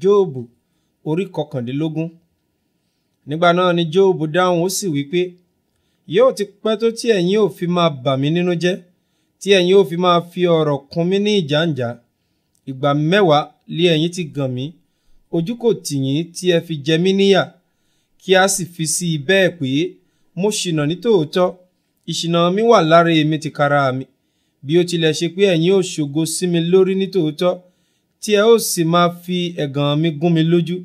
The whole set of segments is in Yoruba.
jóòbù orí kọkàndínlógún nígbà náà ni jóòbù dáhùn ó sì wí pé yóò ti pẹ́ tó tí ẹ̀yin ò fi máa bà mí nínú jẹ́ tí ẹ̀yin ò fi máa fi ọ̀rọ̀ kún mí ní ìjàǹjà ìgbà mẹ́wàá lé ẹ̀yin ti gàn mí ojú kò tì yín tí ẹ fi jẹ mí níyà kí a sì fi sí i bẹ́ẹ̀ pé mo ṣìnà ní tòótọ́ ìṣìnà mi wà lára èmi tìkára mi bí ó tilẹ̀ ṣe pé ẹ̀yin ò ṣògo sí mi lórí ní tòótọ́ tí ẹ ó sì máa fi ẹ̀gàn mi gún mi lójú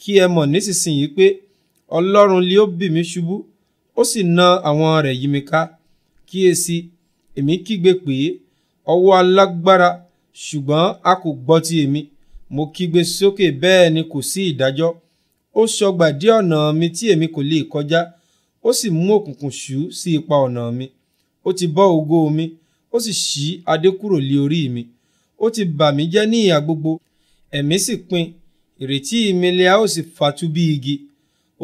kí ẹ mọ̀ nísinsìnyí pé ọlọ́run lé ó bì mí ṣubú ó sì na àwọn rẹ̀ yí mi ká kíyèsí èmi kígbe pé ọwọ́ alágbára ṣùgbọ́n a kò gbọ́ ti èmi mo kígbe sókè bẹ́ẹ̀ ni kò sí ìdájọ́ ó ṣọgbà dí ọ̀nà mi tí èmi kò lè kọjá ó sì mú òkùnkùn ṣú sí ipa ọ̀nà mi ó ti bọ́ ògo mi ó sì ṣí adé kúrò lé orí mi ó ti bà mí jẹ́ ní ìhà gbogbo ẹ̀mí sì pin ìrètí mi lé a ó sì fàtu bí igi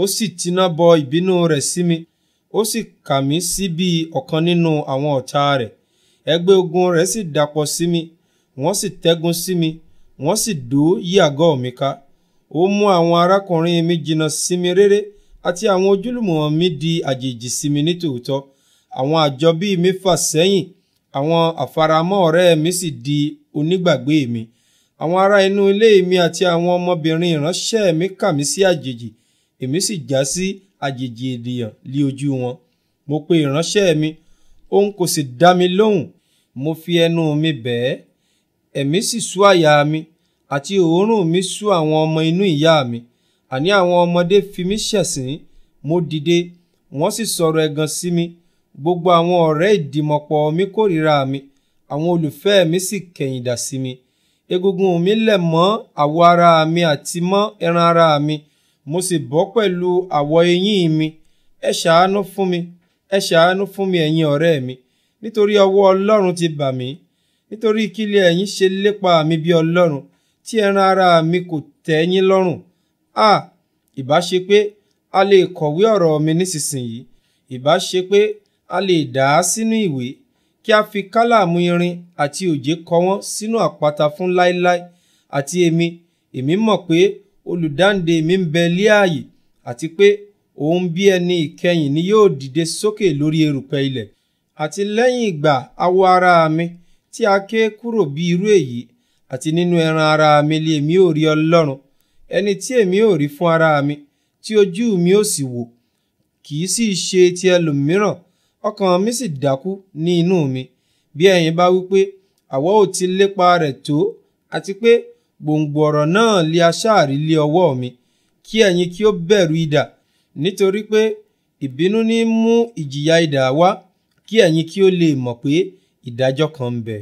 ó sì tiná bọ ìbínú rẹ̀ sí mi ó sì kà mí sí bí ọ̀kan nínú àwọn ọ̀tá rẹ̀ ẹgbẹ́ ogun rẹ̀ sì dàpọ̀ sí mi wọ́n sì tẹ́gun sí mi wọ́n sì dó yí àgọ́ mi ká ó mú àwọn arákùnrin mi jìnnà sí mi réré àti àwọn ojúlùmọ̀ mi di àjèjì sí mi nítòótọ́ àwọn àjọ bíi mi fà sẹ́yìn àwọn àfaramọ́ ọ̀rẹ́ mi sì di onígbàgbé mi àwọn ará inú ilé mi àti àwọn ọmọbìnrin ìránṣẹ́ mi kà mí sí àjèjì èmi sì já sí àjèjì ènìyàn lí ojú wọn mo pe ìránṣẹ́ mi òun kò sì dá mi lóhùn mo fi ẹnu mi bẹ̀ẹ́ ẹ̀mí sì sú àyà mi àti òórùn mi sú àwọn ọmọ inú ìyá mi àní àwọn ọmọdé fi mí ṣẹ̀sín mo dìde wọ́n sì sọ̀rọ̀ ẹ̀gàn sí mi. Si gbogbo àwọn ọ̀rẹ́ ìdìmọ̀pọ̀ mi kórìíra mi àwọn olùfẹ́ mi sì kẹ̀yìndà sí mi egungun mi lẹ̀ mọ́ àwọ̀ ara mi àti mọ́ ẹran ara mi mo sì bọ́ pẹ̀lú àwọ̀ eyín mi ẹ ṣàánú fún mi ẹ ṣàánú fún mi ẹ̀yin ọ̀rẹ́ mi nítorí ọwọ́ ọlọ́run ti bà mí nítorí kílẹ̀ ẹ̀yin ṣe lépa mi bí ọlọ́run tí ẹran ara mi kò tẹ́ yín lọ́rùn a ìbá ṣe pé a lè kọ̀wé ọ̀rọ̀ mi nísinsìnyí ìbá ṣe pé a lè dà á sínú ìwé kí a fi kálàmù irin àti òjé kọ wọ́n sínú àpáta fún láéláé àti èmi èmi mọ̀ pé olùdáǹdè mi ń bẹ líàyè àti pé òun bí ẹni ìkẹyìn ni yóò dìde sókè lórí erùpẹ̀ ilẹ̀ àti lẹ́yìn ìgbà awọ ara mi tí a ké kúrò bí irú èyí àti nínú ẹran ara mi lé èmi ò rí ọlọ́run ẹni tí èmi ò rí fún ara mi tí ojú mi ò sì wò kì í sì ṣe ti ẹlòmíràn ọkàn mi sì dákú ní inú mi bí ẹ̀yin bá wí pé àwa ò ti lépa rẹ̀ tó àti pé gbòǹgbò ọ̀rọ̀ náà lé aṣáàrí lé ọwọ́ mi kí ẹ̀yin kí ó bẹ̀rù idà nítorí pé ìbínú ní mú ìjìyà idà wá kí ẹ̀yin kí ó lè mọ̀ pé ìdájọ́ kan ń bẹ.